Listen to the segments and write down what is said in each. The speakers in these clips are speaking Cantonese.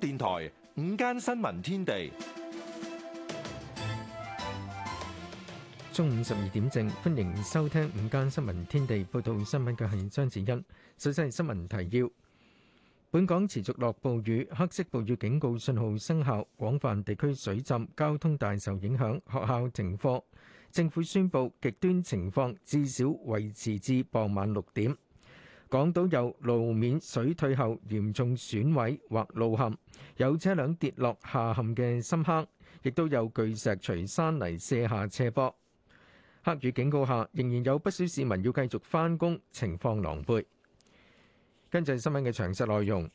電台午間新聞天地，中午十二點正，歡迎收聽午間新聞天地。報道新聞嘅係張子欣，首先係新聞提要：本港持續落暴雨，黑色暴雨警告信號生效，廣泛地區水浸，交通大受影響，學校停課，政府宣布極端情況至少維持至傍晚六點。港島有路面水退後嚴重損毀或路陷，有車輛跌落下陷嘅深坑，亦都有巨石隨山泥卸下斜坡。黑雨警告下，仍然有不少市民要繼續翻工，情況狼狽。跟進新聞嘅詳細內容。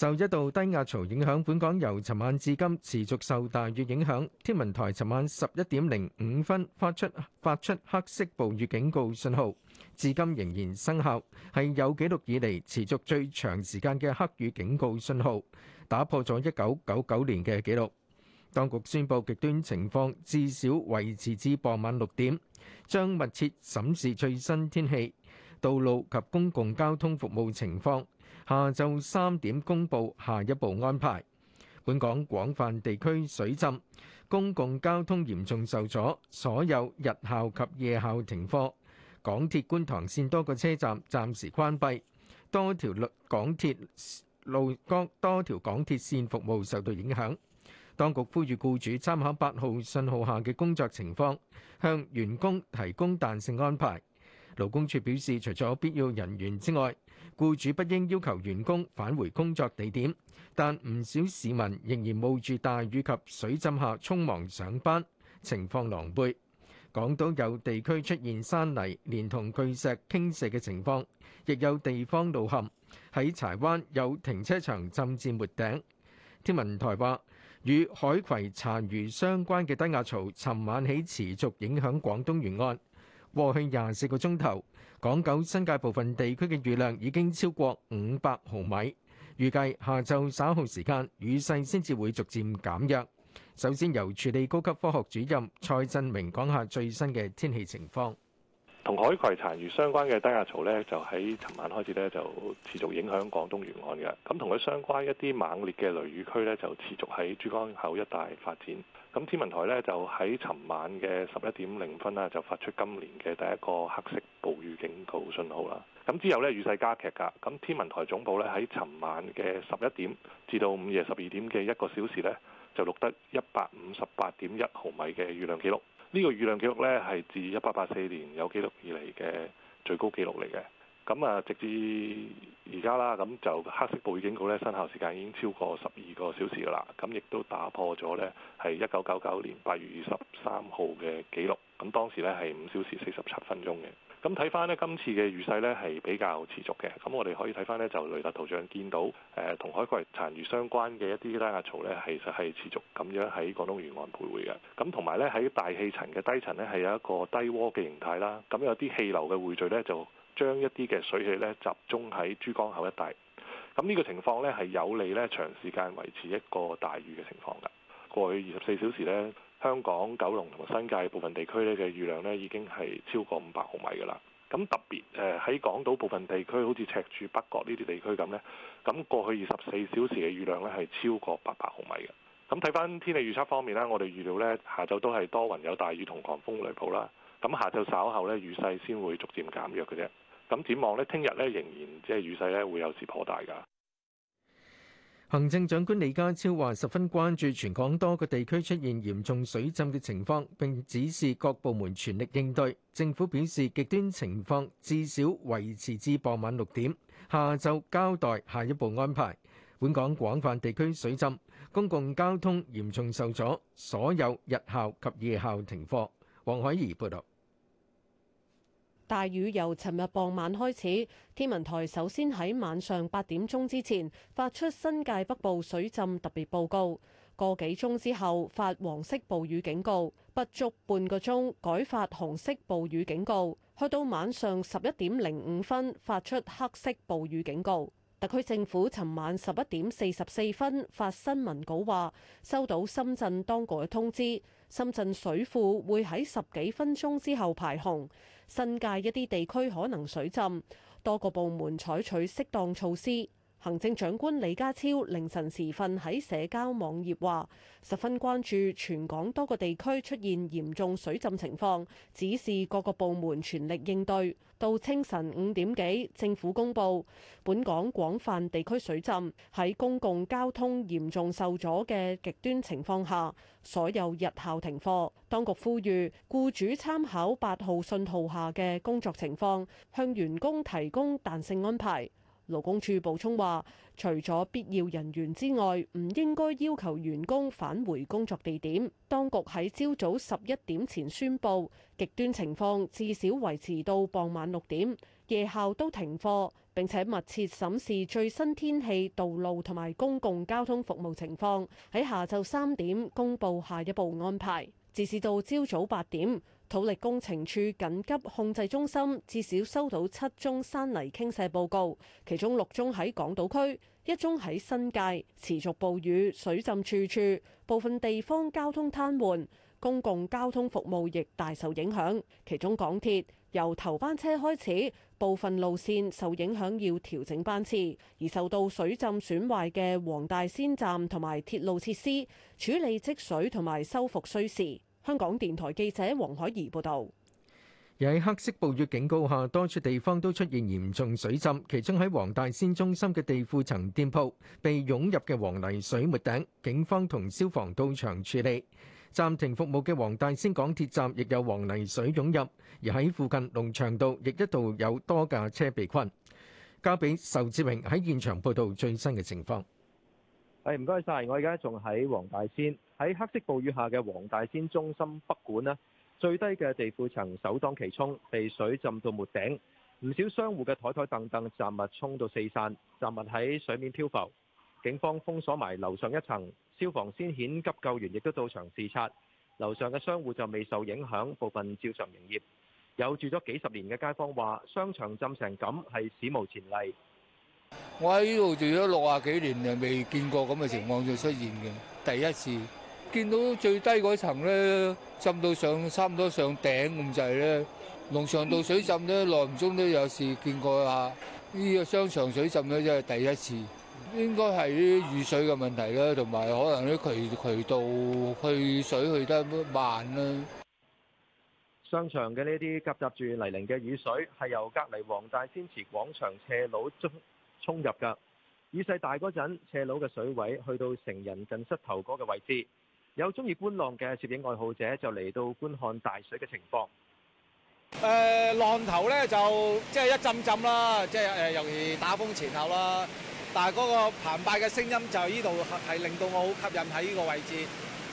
受一道低壓槽影響，本港由昨晚至今持續受大雨影響。天文台昨晚十一點零五分發出發出黑色暴雨警告信號，至今仍然生效，係有紀錄以嚟持續最長時間嘅黑雨警告信號，打破咗一九九九年嘅紀錄。當局宣布極端情況至少維持至傍晚六點，將密切審視最新天氣、道路及公共交通服務情況。下晝三點公佈下一步安排。本港廣泛地區水浸，公共交通嚴重受阻，所有日校及夜校停課。港鐵觀塘線多個車站暫時關閉，多條路港鐵路多條港鐵線服務受到影響。當局呼籲僱主參考八號信號下嘅工作情況，向員工提供彈性安排。勞工處表示，除咗必要人員之外，雇主不應要求員工返回工作地點，但唔少市民仍然冒住大雨及水浸下匆忙上班，情況狼狽。港島有地區出現山泥連同巨石傾瀉嘅情況，亦有地方路陷。喺柴灣有停車場浸至沒頂。天文台話，與海葵殘餘相關嘅低壓槽，尋晚起持續影響廣東沿岸。過去廿四個鐘頭，港九新界部分地區嘅雨量已經超過五百毫米。預計下晝稍後時間雨勢先至會逐漸減弱。首先由助理高級科學主任蔡振明講下最新嘅天氣情況。同海葵殘餘相關嘅低壓槽呢，就喺尋晚開始咧就持續影響廣東沿岸嘅，咁同佢相關一啲猛烈嘅雷雨區呢，就持續喺珠江口一帶發展。咁天文台呢，就喺尋晚嘅十一點零分呢，就發出今年嘅第一個黑色暴雨警告信號啦。咁之後呢，雨勢加劇㗎。咁天文台總部呢，喺尋晚嘅十一點至到午夜十二點嘅一個小時呢，就錄得一百五十八點一毫米嘅雨量記錄。呢個雨量記錄呢，係自一八八四年有記錄以嚟嘅最高記錄嚟嘅。咁啊，直至而家啦，咁就黑色暴雨警告咧生效時間已經超過十二個小時㗎啦。咁亦都打破咗呢係一九九九年八月二十三號嘅紀錄。咁當時呢，係五小時四十七分鐘嘅。咁睇翻呢今次嘅雨勢呢，係比較持續嘅。咁我哋可以睇翻呢，就雷達圖像見到誒同、呃、海葵殘餘相關嘅一啲拉壓槽呢，其實係持續咁樣喺廣東沿岸徘徊嘅。咁同埋呢，喺大氣層嘅低層呢，係有一個低渦嘅形態啦。咁有啲氣流嘅匯聚呢，就。將一啲嘅水氣咧集中喺珠江口一帶，咁呢個情況咧係有利咧長時間維持一個大雨嘅情況㗎。過去二十四小時咧，香港、九龍同埋新界部分地區咧嘅雨量咧已經係超過五百毫米嘅啦。咁特別誒喺、呃、港島部分地區，好似赤柱、北角呢啲地區咁咧，咁過去二十四小時嘅雨量咧係超過八百毫米嘅。咁睇返天氣預測方面咧，我哋預料咧下晝都係多雲有大雨同狂風雷暴啦。咁下晝稍後咧雨勢先會逐漸減弱嘅啫。咁展望呢，聽日呢，仍然即係雨勢呢會有時頗大噶。行政長官李家超話十分關注全港多個地區出現嚴重水浸嘅情況，並指示各部門全力應對。政府表示極端情況至少維持至傍晚六點，下晝交代下一步安排。本港廣泛地區水浸，公共交通嚴重受阻，所有日校及夜校停課。黃海怡報導。大雨由尋日傍晚開始，天文台首先喺晚上八點鐘之前發出新界北部水浸特別報告。個幾鐘之後發黃色暴雨警告，不足半個鐘改發紅色暴雨警告，去到晚上十一點零五分發出黑色暴雨警告。特區政府尋晚十一點四十四分發新聞稿話，收到深圳當局嘅通知，深圳水庫會喺十幾分鐘之後排洪。新界一啲地區可能水浸，多個部門採取適當措施。行政長官李家超凌晨時分喺社交網頁話：十分關注全港多個地區出現嚴重水浸情況，指示各個部門全力應對。到清晨五點幾，政府公佈本港廣泛地區水浸，喺公共交通嚴重受阻嘅極端情況下，所有日校停課。當局呼籲僱主參考八號信號下嘅工作情況，向員工提供彈性安排。勞工處補充話：除咗必要人員之外，唔應該要求員工返回工作地點。當局喺朝早十一點前宣布，極端情況至少維持到傍晚六點，夜校都停課。並且密切審視最新天氣、道路同埋公共交通服務情況，喺下晝三點公佈下一步安排，直至到朝早八點。土力工程處緊急控制中心至少收到七宗山泥傾瀉報告，其中六宗喺港島區，一宗喺新界。持續暴雨、水浸處處，部分地方交通癱瘓，公共交通服務亦大受影響。其中港鐵由頭班車開始，部分路線受影響要調整班次，而受到水浸損壞嘅黃大仙站同埋鐵路設施處理積水同埋修復需時。香港電台記者黃海怡報道。而喺黑色暴雨警告下，多處地方都出現嚴重水浸，其中喺黃大仙中心嘅地庫層店鋪被湧入嘅黃泥水沒頂，警方同消防到場處理，暫停服務嘅黃大仙港鐵站亦有黃泥水湧入，而喺附近農場道亦一度有多架車被困。交俾仇志榮喺現場報道最新嘅情況。唔該晒，我而家仲喺黃大仙，喺黑色暴雨下嘅黃大仙中心北館咧，最低嘅地庫層首當其衝，被水浸到沒頂，唔少商戶嘅枱枱凳凳雜物沖到四散，雜物喺水面漂浮，警方封鎖埋樓上一層，消防先遣急救員亦都到場視察，樓上嘅商戶就未受影響，部分照常營業。有住咗幾十年嘅街坊話，商場浸成咁係史無前例。我喺呢度住咗六十幾年，就未見過咁嘅情況就出現嘅第一次，見到最低嗰層咧浸到上差唔多上頂咁滯咧，龍翔道水浸咧耐唔中都有試見過下，呢個商場水浸咧真係第一次，應該係啲雨水嘅問題啦，同埋可能啲渠渠道去水去得慢啦。商場嘅呢啲夾雜住泥濘嘅雨水係由隔離黃大仙祠廣場斜路出。衝入噶，雨勢大嗰陣，斜路嘅水位去到成人近膝頭哥嘅位置。有鍾意觀浪嘅攝影愛好者就嚟到觀看大水嘅情況。誒、呃，浪頭呢就即係、就是、一浸浸啦，即係誒尤其打風前後啦。但係嗰個澎湃嘅聲音就喺呢度係令到我好吸引喺呢個位置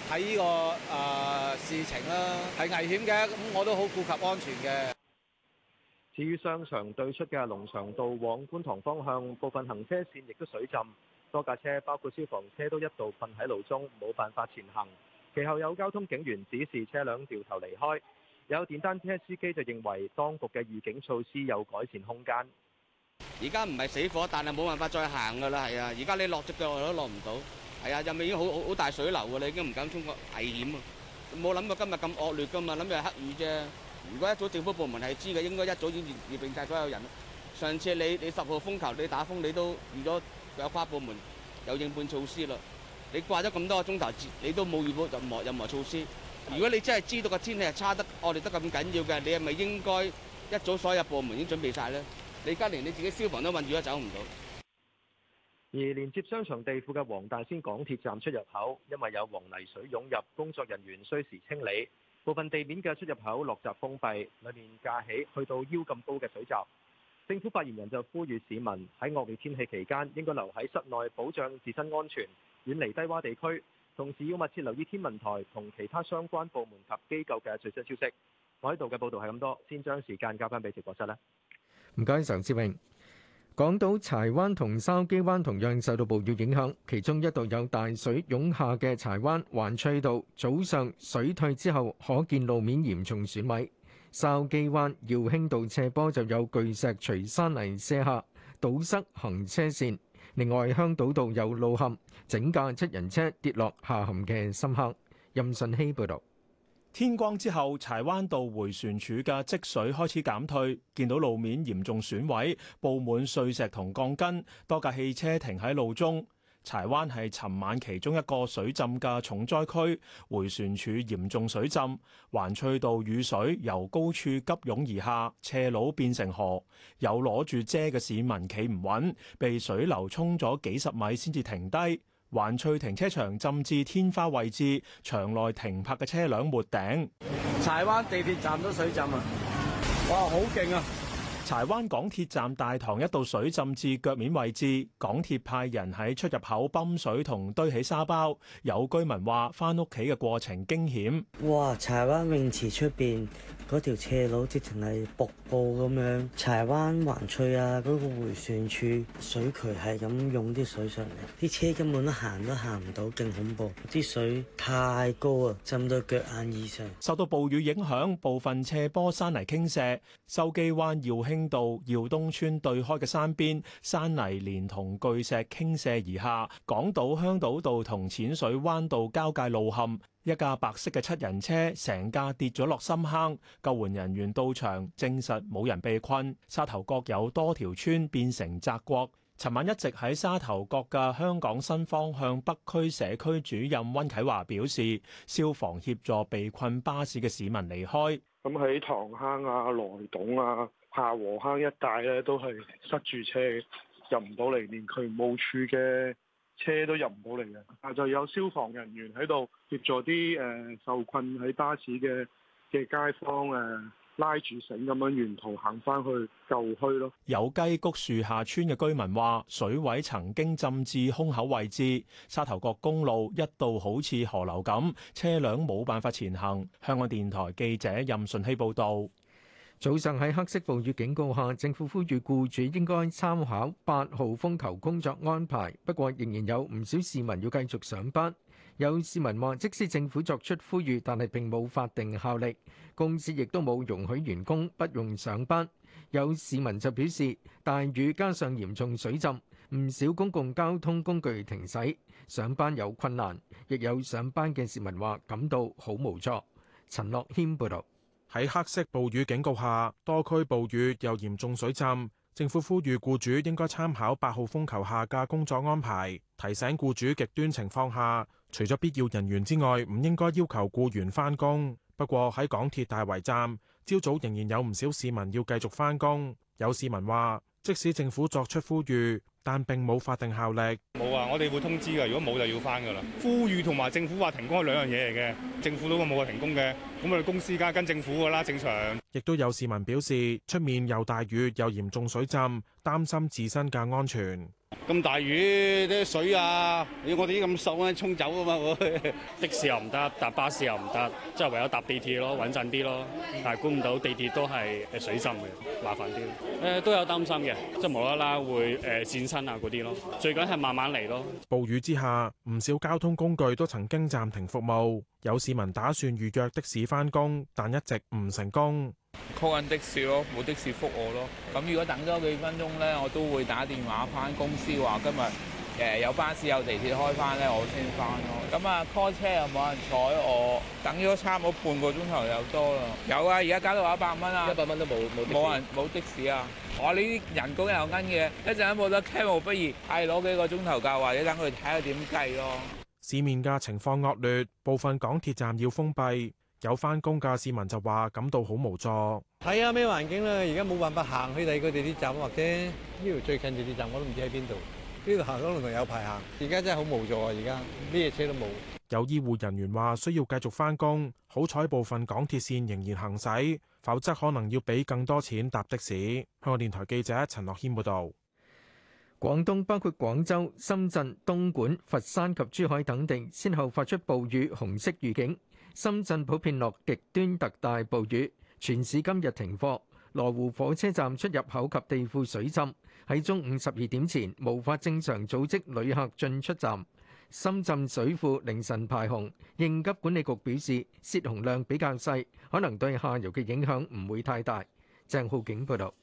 喺呢、這個誒、呃、事情啦。係危險嘅，咁我都好顧及安全嘅。至於商場對出嘅龍翔道往觀塘方向，部分行車線亦都水浸，多架車包括消防車都一度困喺路中，冇辦法前行。其後有交通警員指示車輛掉頭離開，有電單車司機就認為當局嘅預警措施有改善空間。而家唔係死火，但係冇辦法再行㗎啦，係啊！而家你落隻腳都落唔到，係啊，入面已經好好大水流㗎，你已經唔敢衝過，危險啊！冇諗過今日咁惡劣㗎嘛，諗住係黑雨啫。如果一早政府部門係知嘅，應該一早已經預備曬所有人。上次你你十號風球你打風，你都預咗有跨部門有應變措施啦。你掛咗咁多個鐘頭，你都冇預好任何任何措施。如果你真係知道個天氣係差得，惡劣得咁緊要嘅，你係咪應該一早所有部門已經準備晒咧？你而家連你自己消防都困住都走唔到。而連接商場地庫嘅黃大仙港鐵站出入口，因為有黃泥水湧入，工作人員需時清理。部分地面嘅出入口落閘封閉，裏面架起去到腰咁高嘅水浸，政府發言人就呼籲市民喺惡劣天氣期間應該留喺室內保障自身安全，遠離低窪地區，同時要密切留意天文台同其他相關部門及機構嘅最新消息。我喺度嘅報道係咁多，先將時間交翻俾直播室啦。唔該，常志榮。港島柴灣同筲箕灣同樣受到暴雨影響，其中一度有大水湧下嘅柴灣環翠道，早上水退之後，可見路面嚴重損毀；筲箕灣耀興道斜坡就有巨石隨山泥卸下，堵塞行車線。另外，香島道有路陷，整架七人車跌落下陷嘅深坑。任信希報導。天光之後，柴灣道回旋處嘅積水開始減退，見到路面嚴重損毀，佈滿碎石同鋼筋，多架汽車停喺路中。柴灣係尋晚其中一個水浸嘅重災區，回旋處嚴重水浸，環翠道雨水由高處急湧而下，斜路變成河，有攞住遮嘅市民企唔穩，被水流沖咗幾十米先至停低。環翠停車場浸至天花位置，場內停泊嘅車輛沒頂。柴灣地鐵站都水浸啊，哇，好勁啊！柴灣港鐵站大堂一度水浸至腳面位置，港鐵派人喺出入口泵水同堆起沙包。有居民話翻屋企嘅過程驚險。哇！柴灣泳池出邊嗰條斜路直情係瀑布咁樣，柴灣環翠啊嗰、那個回旋處水渠係咁湧啲水上嚟，啲車根本都行都行唔到，勁恐怖！啲水太高啊，浸到腳眼以上。受到暴雨影響，部分斜坡山泥傾瀉，筲箕灣、耀興青道耀東村對開嘅山邊，山泥連同巨石傾瀉而下；港島香島道同淺水灣道交界路陷，一架白色嘅七人車成架跌咗落深坑。救援人員到場證實冇人被困。沙頭角有多條村變成澤國。尋晚一直喺沙頭角嘅香港新方向北區社區主任溫啟華表示，消防協助被困巴士嘅市民離開。咁喺塘坑啊、萊洞啊。下禾坑一帶咧都係塞住車，入唔到嚟，連渠務署嘅車都入唔到嚟嘅。但就有消防人員喺度協助啲誒、呃、受困喺巴士嘅嘅街坊誒、呃、拉住繩咁樣沿途行翻去舊墟咯。有雞谷樹下村嘅居民話：水位曾經浸至胸口位置，沙頭角公路一度好似河流咁，車輛冇辦法前行。香港電台記者任順熙報導。早上喺黑色暴雨警告下，政府呼籲雇主應該參考八號風球工作安排。不過，仍然有唔少市民要繼續上班。有市民話：即使政府作出呼籲，但係並冇法定效力，公司亦都冇容許員工不用上班。有市民就表示，大雨加上嚴重水浸，唔少公共交通工具停駛，上班有困難。亦有上班嘅市民話感到好無助。陳樂謙報導。喺黑色暴雨警告下，多區暴雨又嚴重水浸，政府呼籲僱主應該參考八號風球下嘅工作安排，提醒僱主極端情況下，除咗必要人員之外，唔應該要求僱員返工。不過喺港鐵大圍站，朝早仍然有唔少市民要繼續返工。有市民話，即使政府作出呼籲。但並冇法定效力。冇啊！我哋會通知噶，如果冇就要返噶啦。呼籲同埋政府話停工係兩樣嘢嚟嘅。政府都話冇話停工嘅，咁我哋公司梗係跟政府噶啦。正常亦都有市民表示，出面又大雨又嚴重水浸，擔心自身嘅安全。咁大雨啲水啊！我哋啲咁瘦咧，沖走啊嘛，會的士又唔得，搭巴士又唔得，即係唯有搭地鐵咯，穩陣啲咯。但係估唔到地鐵都係誒水浸嘅，麻煩啲。誒都有擔心嘅，即係無啦啦會誒跣親啊嗰啲咯。最緊係慢慢嚟咯。暴雨之下，唔少交通工具都曾經暫停服務。有市民打算預約的士翻工，但一直唔成功。call 緊的士咯，冇的士覆我咯。咁如果等多幾分鐘咧，我都會打電話翻公司話今日誒有巴士有地鐵開翻咧，我先翻咯。咁啊，call 車又冇人睬我，等咗差唔多半個鐘頭又多啦。有啊，而家加到我一百蚊啊，一百蚊都冇，冇人冇的士啊。我呢啲人工又奀嘅，一陣間冇咗，千冇不如，係攞幾個鐘頭價或者等佢睇下點計咯。市面嘅情況惡劣，部分港鐵站要封閉。有翻工嘅市民就話感到好無助，係啊，咩環境啦？而家冇辦法行去第二個地鐵站，或者呢條最近地鐵站我都唔知喺邊度，呢條行咗路仲有排行。而家真係好無助啊！而家咩車都冇。有醫護人員話需要繼續翻工，好彩部分港鐵線仍然行駛，否則可能要俾更多錢搭的士。香港電台記者陳樂謙報道。廣東包括廣州、深圳、東莞、佛山及珠海等地先後發出暴雨紅色預警。深圳普遍落極端特大暴雨，全市今日停課。羅湖火車站出入口及地庫水浸，喺中午十二點前無法正常組織旅客進出站。深圳水庫凌晨排洪，應急管理局表示泄洪量比較細，可能對下游嘅影響唔會太大。鄭浩景報道。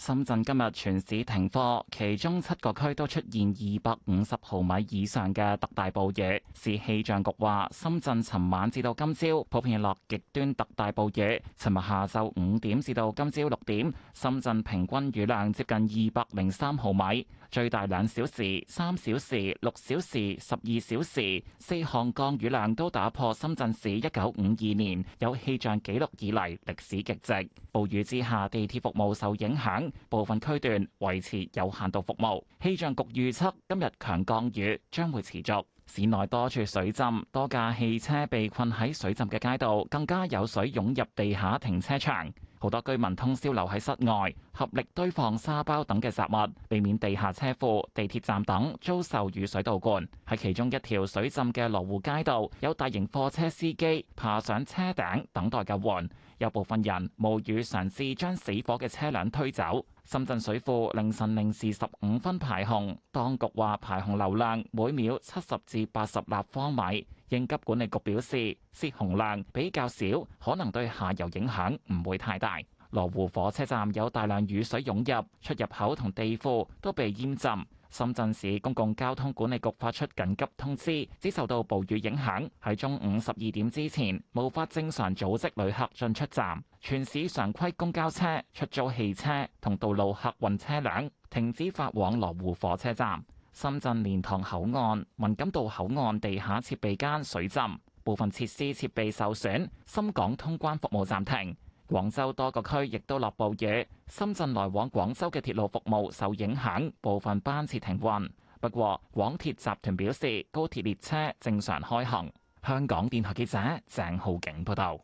深圳今日全市停課，其中七個區都出現二百五十毫米以上嘅特大暴雨。市氣象局話，深圳尋晚至到今朝普遍落極端特大暴雨。尋日下晝五點至到今朝六點，深圳平均雨量接近二百零三毫米。最大兩小時、三小時、六小時、十二小時，四項降雨量都打破深圳市一九五二年有氣象記錄以來歷史極值。暴雨之下，地鐵服務受影響，部分區段維持有限度服務。氣象局預測今日強降雨將會持續，市內多處水浸，多架汽車被困喺水浸嘅街道，更加有水湧入地下停車場。好多居民通宵留喺室外，合力堆放沙包等嘅雜物，避免地下車庫、地鐵站等遭受雨水倒灌。喺其中一條水浸嘅羅湖街道，有大型貨車司機爬上車頂等待救援，有部分人冒雨嘗試將死火嘅車輛推走。深圳水庫凌晨零時十五分排洪，當局話排洪流量每秒七十至八十立方米。應急管理局表示，洩洪量比較少，可能對下游影響唔會太大。羅湖火車站有大量雨水湧入，出入口同地庫都被淹浸。深圳市公共交通管理局發出緊急通知，只受到暴雨影響，喺中午十二點之前無法正常組織旅客進出站。全市常規公交車、出租汽車同道路客運車輛停止發往羅湖火車站。深圳蓮塘口岸、文錦渡口岸地下設備間水浸，部分設施設備受損，深港通關服務暫停。廣州多個區亦都落暴雨，深圳來往廣州嘅鐵路服務受影響，部分班次停運。不過，廣鐵集團表示高鐵列車正常開行。香港電台記者鄭浩景報道。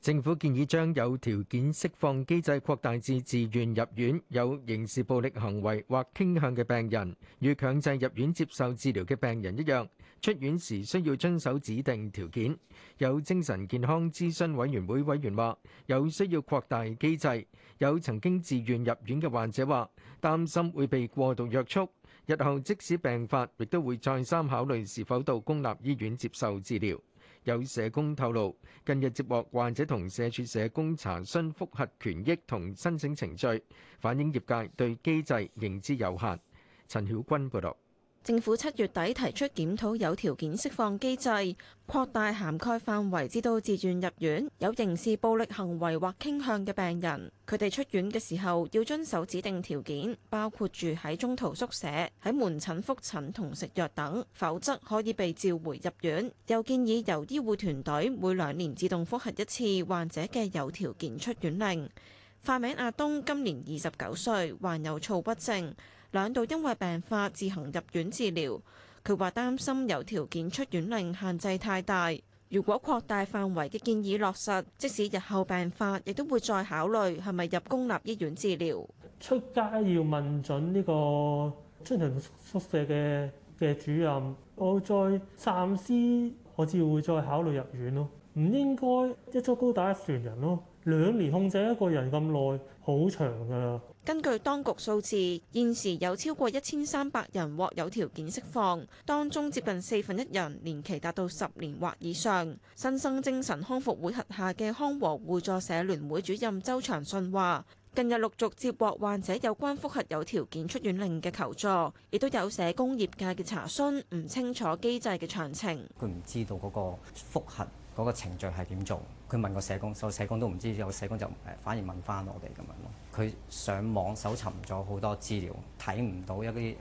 政府建議將有條件釋放機制擴大至自願入院、有刑事暴力行為或傾向嘅病人，與強制入院接受治療嘅病人一樣，出院時需要遵守指定條件。有精神健康諮詢委員會委員話：有需要擴大機制。有曾經自願入院嘅患者話：擔心會被過度約束，日後即使病發，亦都會再三考慮是否到公立醫院接受治療。有社工透露，近日接獲患者同社署社工查詢覆核權益同申請程序，反映業界對機制認知有限。陳曉君報道。政府七月底提出檢討有條件釋放機制，擴大涵蓋範圍，至到自願入院有刑事暴力行為或傾向嘅病人。佢哋出院嘅時候要遵守指定條件，包括住喺中途宿舍、喺門診覆診同食藥等，否則可以被召回入院。又建議由醫護團隊每兩年自動覆核一次患者嘅有條件出院令。化名阿東今年二十九歲，患有躁鬱症。兩度因為病發自行入院治療，佢話擔心有條件出院令限制太大。如果擴大範圍嘅建議落實，即使日後病發，亦都會再考慮係咪入公立醫院治療。出街要問準呢個出屯宿舍嘅嘅主任，我再暫時我至會再考慮入院咯。唔應該一竹篙打一船人咯。兩年控制一個人咁耐，好長㗎。根據當局數字，現時有超過一千三百人獲有條件釋放，當中接近四分一人年期達到十年或以上。新生精神康復會轄下嘅康和互助社聯會主任周長信話近日陸續接獲患者有關複核有條件出院令嘅求助，亦都有社工業界嘅查詢，唔清楚機制嘅詳情。佢唔知道嗰個複核嗰個程序係點做。佢問過社工，所有社工都唔知，有社工就誒反而問翻我哋咁樣咯。佢上網搜尋咗好多資料，睇唔到一啲誒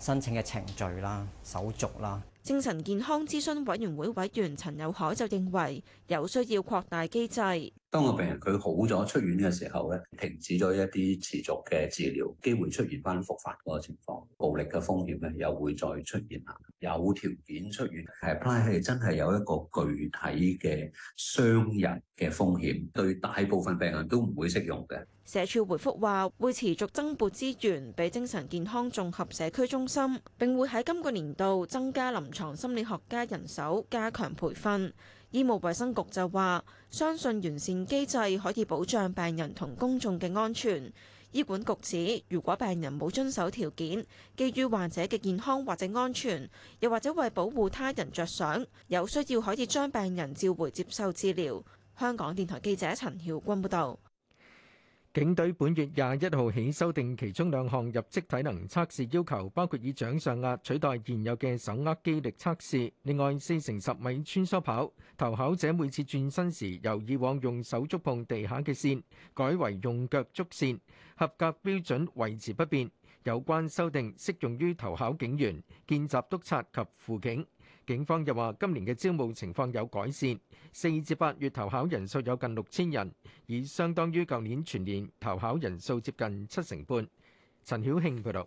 申請嘅程序啦、手續啦。精神健康諮詢委員會委員陳有海就認為。有需要擴大機制。當個病人佢好咗出院嘅時候咧，停止咗一啲持續嘅治療，機會出現翻復發個情況，暴力嘅風險咧又會再出現下。有條件出院 a p 係真係有一個具體嘅傷人嘅風險，對大部分病人都唔會適用嘅。社署回覆話，會持續增撥資源俾精神健康綜合社區中心，並會喺今個年度增加臨床心理學家人手，加強培訓。醫務衛生局就話，相信完善機制可以保障病人同公眾嘅安全。醫管局指，如果病人冇遵守條件，基於患者嘅健康或者安全，又或者為保護他人着想，有需要可以將病人召回接受治療。香港電台記者陳曉君報道。警隊本月廿一號起修訂其中兩項入職體能測試要求，包括以掌上壓取代現有嘅手握肌力測試，另外四乘十米穿梭跑，投考者每次轉身時由以往用手觸碰地下嘅線，改為用腳觸線，合格標準維持不變。有關修訂適用於投考警員、見習督察及輔警。警方又話，今年嘅招募情況有改善，四至八月投考人數有近六千人，已相當於舊年全年投考人數接近七成半。陳曉慶報道。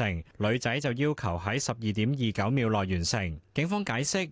女仔就要求喺十二點二九秒內完成。警方解釋。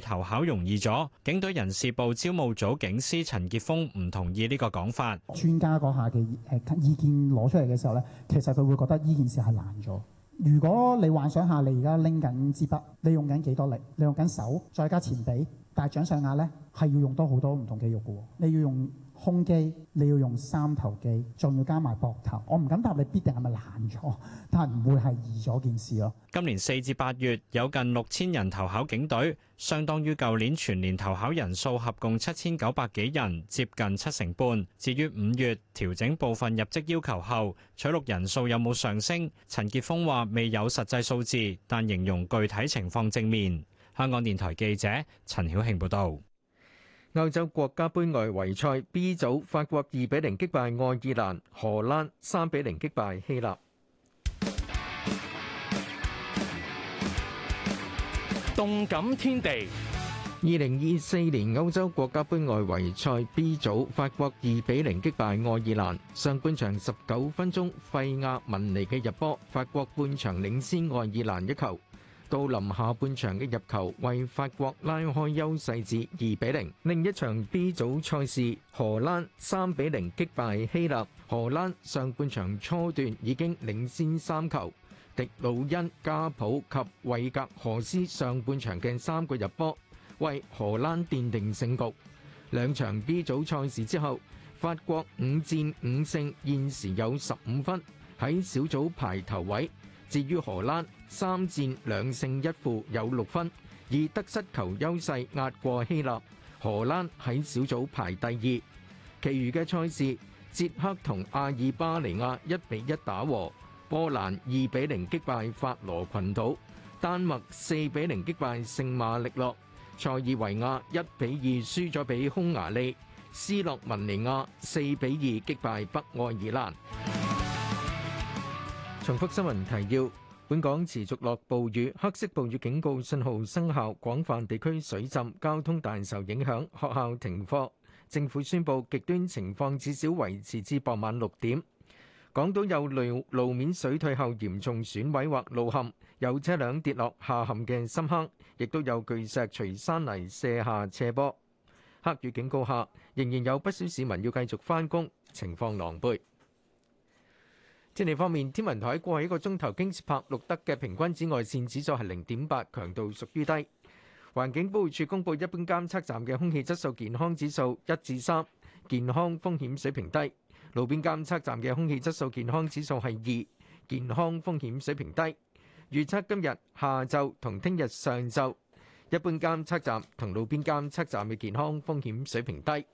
投考容易咗，警隊人事部招募組警司陳傑峰唔同意呢個講法。專家嗰下嘅誒意見攞出嚟嘅時候咧，其實佢會覺得呢件事係難咗。如果你幻想下，你而家拎緊支筆，你用緊幾多力？你用緊手，再加前臂。但係掌上壓咧，係要用多好多唔同肌肉嘅喎。你要用胸肌，你要用三頭肌，仲要加埋膊頭。我唔敢答你，必定係咪難咗？但係唔會係易咗件事咯。今年四至八月有近六千人投考警隊，相當於舊年全年投考人數合共七千九百幾人，接近七成半。至於五月調整部分入職要求後取錄人數有冇上升？陳傑峰話未有實際數字，但形容具體情況正面。香港電台記者陳曉慶報道：歐洲國家盃外圍賽 B 組，法國二比零擊敗愛爾蘭，荷蘭三比零擊敗希臘。動感天地：二零二四年歐洲國家盃外圍賽 B 組，法國二比零擊敗愛爾蘭。上半場十九分鐘，費亞文尼嘅入波，法國半場領先愛爾蘭一球。到臨下半場嘅入球，為法國拉開優勢至二比零。另一場 B 組賽事，荷蘭三比零擊敗希臘。荷蘭上半場初段已經領先三球，迪魯恩、加普及韋格何斯上半場嘅三個入波，為荷蘭奠定勝局。兩場 B 組賽事之後，法國五戰五勝，現時有十五分喺小組排頭位。至於荷蘭，三戰兩勝一負，有六分，以得失球優勢壓過希臘。荷蘭喺小組排第二。其餘嘅賽事，捷克同阿爾巴尼亞一比一打和，波蘭二比零擊敗法羅群島，丹麥四比零擊敗聖馬力諾，塞爾維亞一比二輸咗俾匈牙利，斯洛文尼亞四比二擊敗北愛爾蘭。重複新聞提要。本港持續落暴雨，黑色暴雨警告信號生效，廣泛地區水浸，交通大受影響，學校停課。政府宣布極端情況至少維持至傍晚六點。港島有路路面水退後嚴重損毀或路陷，有車輛跌落下陷嘅深坑，亦都有巨石隨山泥卸下斜坡。黑雨警告下，仍然有不少市民要繼續返工，情況狼狽。天氣方面，天文台過去一個鐘頭經拍錄得嘅平均紫外線指數係零點八，強度屬於低。環境保護署公布一般監測站嘅空氣質素健康指數一至三，健康風險水平低；路邊監測站嘅空氣質素健康指數係二，健康風險水平低。預測今日下晝同聽日上晝，一般監測站同路邊監測站嘅健康風險水平低。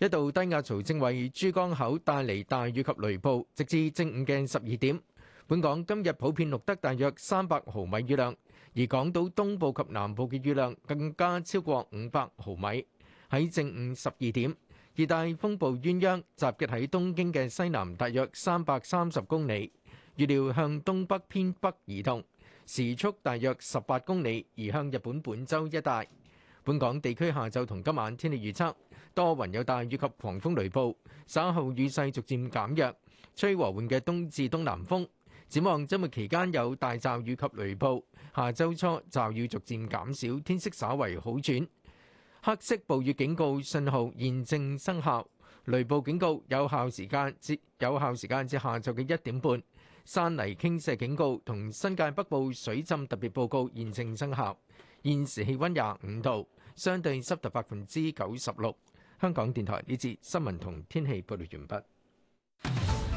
一道低壓槽正為珠江口帶嚟大雨及雷暴，直至正午嘅十二點。本港今日普遍錄得大約三百毫米雨量，而港島東部及南部嘅雨量更加超過五百毫米。喺正午十二點，熱帶風暴鴛鴦集結喺東京嘅西南大約三百三十公里，預料向東北偏北移動，時速大約十八公里，移向日本本州一帶。本港地區下晝同今晚天氣預測。多雲有大雨及狂風雷暴，稍後雨勢逐漸減弱，吹和緩嘅東至東南風。展望周末期間有大驟雨及雷暴，下周初驟雨逐漸減，減少，天色稍為好轉。黑色暴雨警告信號現正生效，雷暴警告有效時間至有效時間至下晝嘅一點半。山泥傾瀉警告同新界北部水浸特別報告現正生效。現時氣温廿五度，相對濕度百分之九十六。香港電台呢節新聞同天氣報道完畢。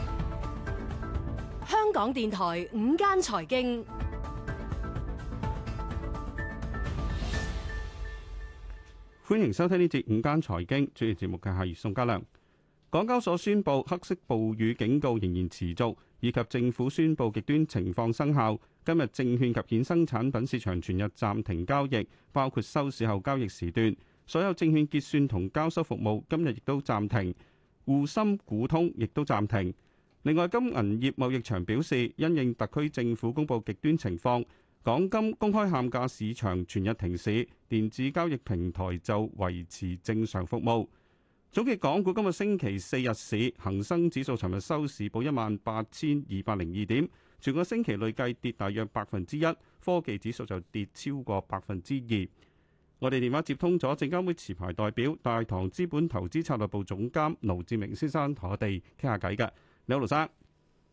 香港電台午間財經，歡迎收聽呢節午間財經，主要節目嘅係宋嘉良。港交所宣布黑色暴雨警告仍然持續，以及政府宣布極端情況生效。今日證券及衍生產品市場全日暫停交易，包括收市後交易時段。所有證券結算同交收服務今日亦都暫停，滬深股通亦都暫停。另外，金銀業貿易場表示，因應特區政府公佈極端情況，港金公開喊價市場全日停市，電子交易平台就維持正常服務。總結港股今個星期四日市，恒生指數尋日收市報一萬八千二百零二點，全個星期累計跌大約百分之一，科技指數就跌超過百分之二。我哋電話接通咗證監會持牌代表大唐資本投資策略部總監盧志明先生同我哋傾下偈嘅。你好盧生。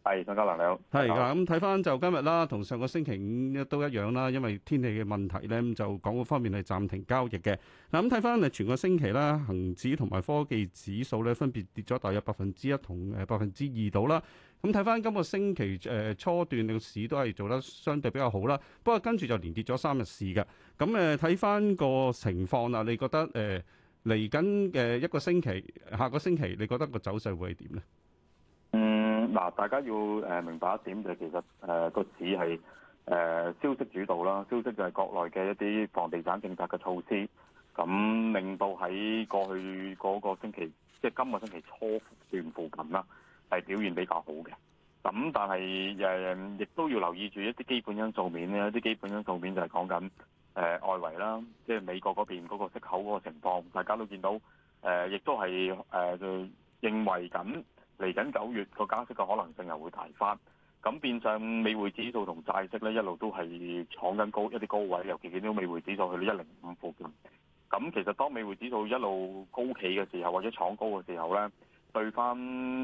係陳家倫，你好。係啊是，咁睇翻就今日啦，同上個星期五都一樣啦，因為天氣嘅問題咧，就港股方面係暫停交易嘅。嗱、嗯，咁睇翻誒，全個星期啦，恒指同埋科技指數咧，分別跌咗大約百分之一同誒百分之二度啦。咁睇翻今個星期誒初段個市都係做得相對比較好啦，不過跟住就連跌咗三日市㗎。咁誒睇翻個情況啦，你覺得誒嚟緊嘅一個星期、下個星期，你覺得個走勢會係點呢？嗯，嗱，大家要誒明白一點就係其實誒個、呃、市係誒、呃、消息主導啦，消息就係國內嘅一啲房地產政策嘅措施，咁令到喺過去嗰個星期，即係今個星期初段附近啦，係表現比較好嘅，咁但係誒亦都要留意住一啲基本因素面咧，一啲基本因素面就係講緊誒、呃、外圍啦，即係美國嗰邊嗰個息口嗰個情況，大家都見到誒，亦、呃、都係誒、呃、認為緊嚟緊九月個加息嘅可能性又會大翻，咁變相美匯指數同債息咧一路都係闖緊高一啲高位，尤其見到美匯指數去到一零五附近，咁其實當美匯指數一路高企嘅時候，或者闖高嘅時候咧。對翻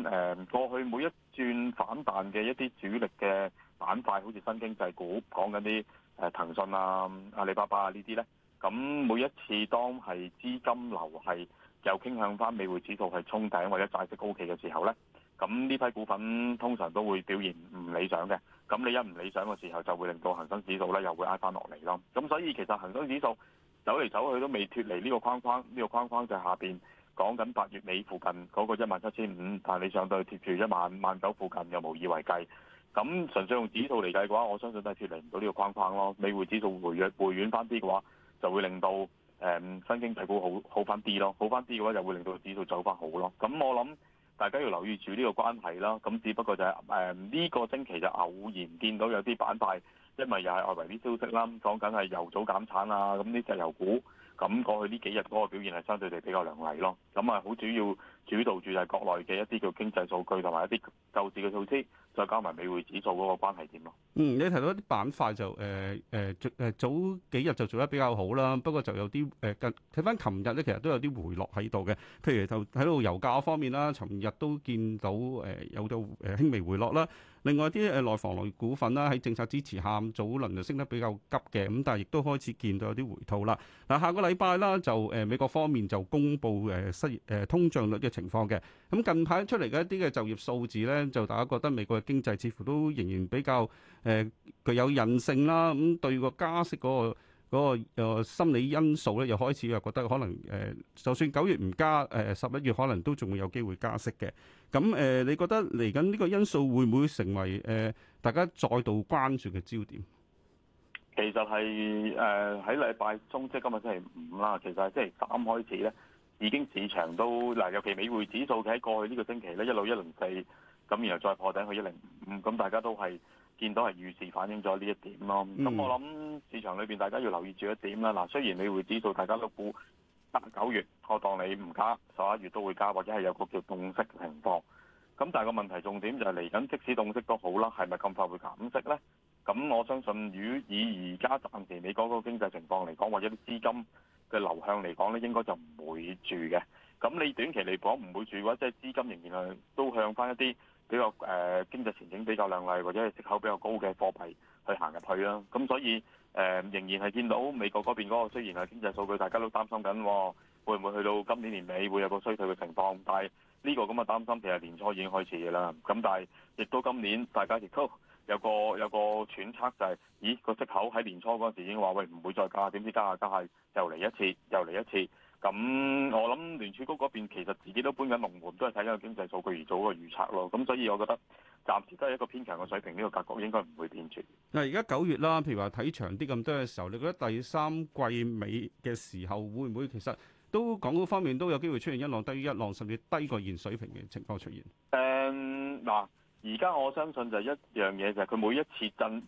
誒過去每一轉反彈嘅一啲主力嘅板塊，好似新經濟股講緊啲誒騰訊啊、阿里巴巴啊呢啲呢。咁每一次當係資金流係又傾向翻美匯指數係衝頂或者債息高企嘅時候呢，咁呢批股份通常都會表現唔理想嘅。咁你一唔理想嘅時候，就會令到恒生指數呢又會挨翻落嚟咯。咁所以其實恒生指數走嚟走去都未脫離呢個框框，呢個框框就下邊。講緊八月尾附近嗰、那個一萬七千五，但係你上到去貼住一萬萬九附近又無以為繼。咁純粹用指數嚟計嘅話，我相信都係脱離唔到呢個框框咯。美匯指數回約回軟翻啲嘅話，就會令到誒、嗯、新經濟股好好翻啲咯。好翻啲嘅話，就會令到指數走翻好咯。咁我諗大家要留意住呢個關係啦。咁只不過就係誒呢個星期就偶然見到有啲板塊。因為又係外圍啲消息啦，講緊係油組減產啊，咁呢隻石油股，咁過去呢幾日嗰個表現係相對地比較亮麗咯。咁啊，好主要主導住係國內嘅一啲叫經濟數據同埋一啲救市嘅措施。再加埋美匯指數嗰個關係點咯？嗯，你提到啲板塊就誒誒，誒、呃呃、早幾日就做得比較好啦，不過就有啲誒近睇翻琴日咧，其實都有啲回落喺度嘅。譬如就喺度油價方面啦，尋日都見到誒、呃、有到誒輕微回落啦。另外啲誒內房類股份啦，喺政策支持下，早輪就升得比較急嘅，咁但係亦都開始見到有啲回吐啦。嗱，下個禮拜啦，就、呃、誒美國方面就公布誒失業誒通脹率嘅情況嘅。咁近排出嚟嘅一啲嘅就業數字咧，就大家覺得美國經濟似乎都仍然比較誒具有韌性啦，咁對個加息嗰個嗰個誒心理因素咧，又開始又覺得可能誒，就算九月唔加，誒十一月可能都仲會有機會加息嘅。咁誒，你覺得嚟緊呢個因素會唔會成為誒大家再度關注嘅焦點？其實係誒喺禮拜中，即係今日星期五啦，其實係星期三開始咧，已經市場都嗱，尤其美匯指數喺過去呢個星期咧一路一零四。咁然後再破頂去一零五，咁大家都係見到係預示反映咗呢一點咯。咁我諗市場裏邊大家要留意住一點啦。嗱，雖然你會知道大家都估八九月，我當你，你唔加十一月都會加，或者係有個叫凍息嘅情況。咁但係個問題重點就係嚟緊，即使凍息都好啦，係咪咁快會減息呢？咁我相信，與以而家暫時美國個經濟情況嚟講，或者啲資金嘅流向嚟講咧，應該就唔會住嘅。咁你短期嚟講唔會住嘅話，或者即係資金仍然係都向翻一啲。比較誒、呃、經濟前景比較靚麗，或者係息口比較高嘅貨幣去行入去啦。咁所以誒、呃、仍然係見到美國嗰邊嗰、嗰個雖然係經濟數據大家都擔心緊、哦，會唔會去到今年年尾會有個衰退嘅情況？但係呢個咁嘅擔心其實年初已經開始嘅啦。咁但係亦都今年大家亦都、哦、有個有個揣測就係、係，咦個息口喺年初嗰陣時已經話喂唔會再加，點知加下加下又嚟一次，又嚟一次。咁我諗聯儲局嗰邊其實自己都搬緊龍門，都係睇緊經濟數據而做個預測咯。咁所以我覺得暫時都係一個偏強嘅水平，呢、呢個格局應該唔會變轉。嗱，而家九月啦，譬如話睇長啲咁多嘅時候，你覺得第三季尾嘅時候會唔會其實都港股方面都有機會出現一浪低於一浪，甚至低過現水平嘅情況出現？誒、嗯，嗱，而家我相信就係一樣嘢就係、係、佢每一次震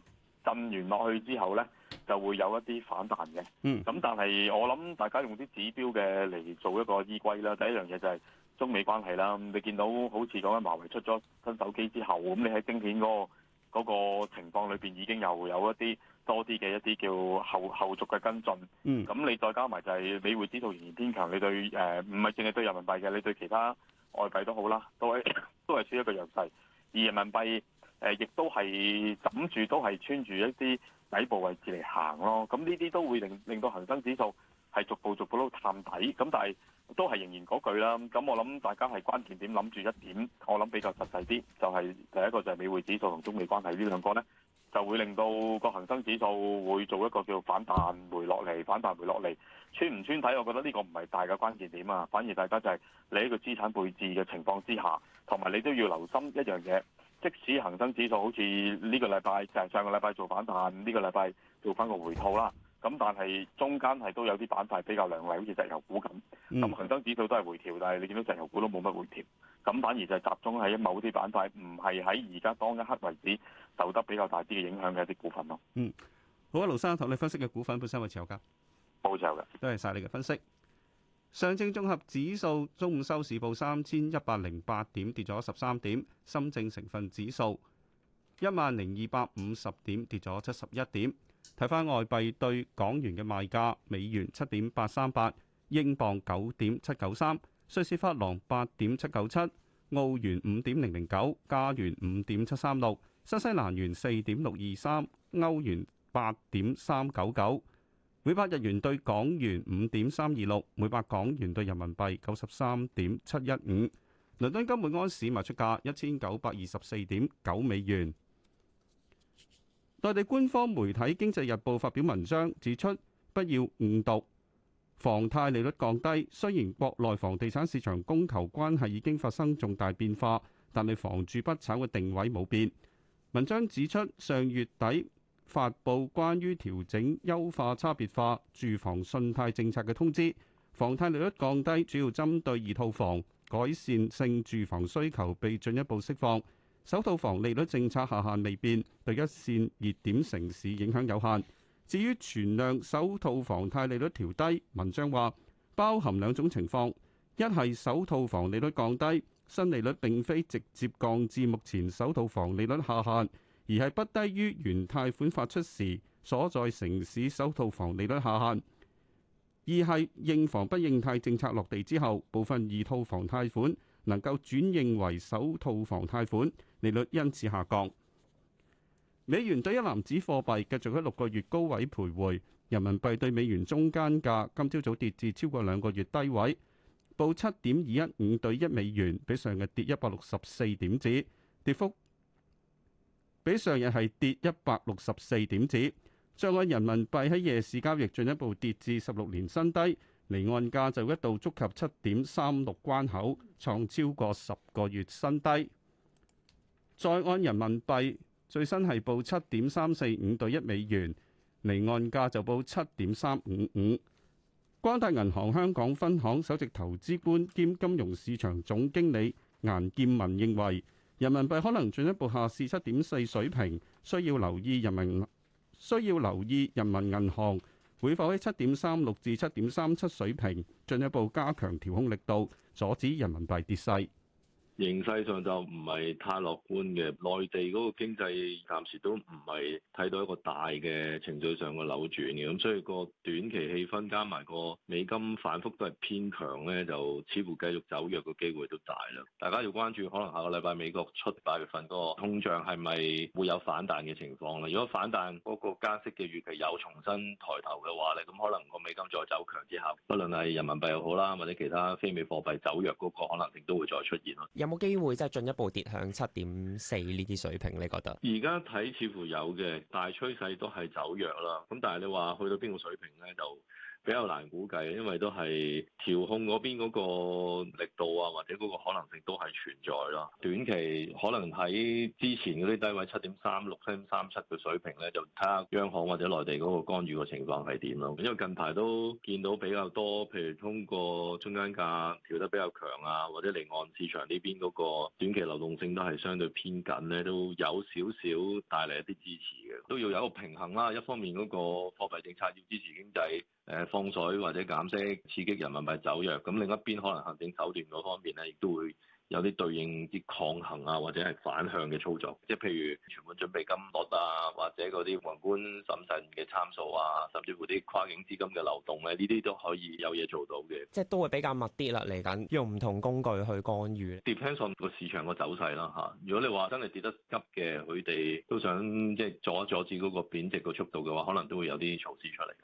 震完落去之後咧。就會有一啲反彈嘅，咁、嗯、但係我諗大家用啲指標嘅嚟做一個依歸啦。第一樣嘢就係中美關係啦。你見到好似講緊華為出咗新手機之後，咁你喺晶片嗰、嗰個嗰個情況裏邊已經又有，有一啲多啲嘅一啲叫後後續嘅跟進。咁、嗯、你再加埋就係美匯指數仍然偏強，你對誒唔係淨係對人民幣嘅，你對其他外幣都好啦，都係都係穿一個弱勢。而人民幣誒、呃、亦都係枕住都係穿住一啲。底部位置嚟行咯，咁呢啲都會令令到恒生指數係逐步逐步都探底，咁但係都係仍然嗰句啦。咁我諗大家係關鍵點諗住一點，我諗比較實際啲，就係第一個就係美匯指數同中美關係呢兩個咧，就會令到個恒生指數會做一個叫反彈回落嚟，反彈回落嚟。穿唔穿底，我覺得呢個唔係大嘅關鍵點啊，反而大家就係你喺一個資產配置嘅情況之下，同埋你都要留心一樣嘢。即使恒生指數好似呢個禮拜，上、就是、上個禮拜做反彈，呢、呢個禮拜做翻個回吐啦。咁但係中間係都有啲板塊比較亮麗，好似石油股咁。咁恒、嗯、生指數都係回調，但係你見到石油股都冇乜回調。咁反而就集中喺某啲板塊，唔係喺而家當一刻為止受得比較大啲嘅影響嘅一啲股份咯。嗯，好啊，盧生同你分析嘅股份本身有持有噶？保持有嘅，多謝晒你嘅分析。上證綜合指數中午收市報三千一百零八點，跌咗十三點。深證成分指數一萬零二百五十點，跌咗七十一點。睇翻外幣對港元嘅賣價：美元七點八三八，英鎊九點七九三，瑞士法郎八點七九七，澳元五點零零九，加元五點七三六，新西蘭元四點六二三，歐元八點三九九。每百日元對港元五點三二六，每百港元對人民幣九十三點七一五。倫敦金每安士賣出價一千九百二十四點九美元。內地官方媒體《經濟日報》發表文章指出，不要誤讀，房貸利率降低。雖然國內房地產市場供求關係已經發生重大變化，但係房住不炒嘅定位冇變。文章指出，上月底，發布關於調整優化差別化住房信貸政策嘅通知，房貸利率降低主要針對二套房，改善性住房需求被進一步釋放。首套房利率政策下限未變，對一線熱點城市影響有限。至於存量首套房貸利率調低，文章話包含兩種情況，一係首套房利率降低，新利率並非直接降至目前首套房利率下限。而係不低於原貸款發出時所在城市首套房利率下限；二係認房不認貸政策落地之後，部分二套房貸款能夠轉認為首套房貸款，利率因此下降。美元對一籃子貨幣繼續喺六個月高位徘徊，人民幣對美元中間價今朝早跌至超過兩個月低位，報七點二一五對一美元，比上日跌一百六十四點子，跌幅。比上日係跌一百六十四點子，再按人民幣喺夜市交易進一步跌至十六年新低，離岸價就一度觸及七點三六關口，創超過十個月新低。再按人民幣最新係報七點三四五對一美元，離岸價就報七點三五五。光大銀行香港分行首席投資官兼金融市場總經理顏建文認為，人民幣可能進一步下試七點四水平，需要留意人民，需要留意人民銀行會否喺七點三六至七點三七水平，進一步加強調控力度，阻止人民幣跌勢。形勢上就唔係太樂觀嘅，內地嗰個經濟暫時都唔係睇到一個大嘅程序上嘅扭轉嘅，咁所以個短期氣氛加埋個美金反覆都係偏強咧，就似乎繼續走弱嘅機會都大啦。大家要關注可能下個禮拜美國出八月份嗰個通脹係咪會有反彈嘅情況咧？如果反彈嗰個加息嘅預期又重新抬頭嘅話咧，咁可能個美金再走強之後，不論係人民幣又好啦，或者其他非美貨幣走弱嗰個可能性都會再出現咯。有冇機會即係進一步跌向七點四呢啲水平？你覺得而家睇似乎有嘅大趨勢都係走弱啦。咁但係你話去到邊個水平呢？就？比較難估計，因為都係調控嗰邊嗰個力度啊，或者嗰個可能性都係存在咯。短期可能喺之前嗰啲低位七點三六、七點三七嘅水平咧，就睇下央行或者內地嗰個干預嘅情況係點咯。因為近排都見到比較多，譬如通過中間價調得比較強啊，或者離岸市場呢邊嗰個短期流動性都係相對偏緊咧，都有少少帶嚟一啲支持嘅。都要有一個平衡啦，一方面嗰個貨幣政策要支持經濟，誒、呃。放水或者減息，刺激人民幣走弱。咁另一邊可能行政手段嗰方面咧，亦都會有啲對應啲抗衡啊，或者係反向嘅操作。即係譬如存款準備金率啊，或者嗰啲宏觀審慎嘅參數啊，甚至乎啲跨境資金嘅流動咧、啊，呢啲都可以有嘢做到嘅。即係都會比較密啲啦，嚟緊用唔同工具去干預。Depends on 個市場個走勢啦，嚇。如果你話真係跌得急嘅，佢哋都想即係阻一阻止嗰個貶值個速度嘅話，可能都會有啲措施出嚟。